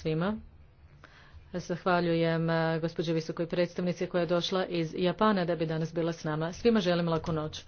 svima. Zahvaljujem eh, gospođi visokoj predstavnici koja je došla iz Japana da bi danas bila s nama. Svima želim laku noć.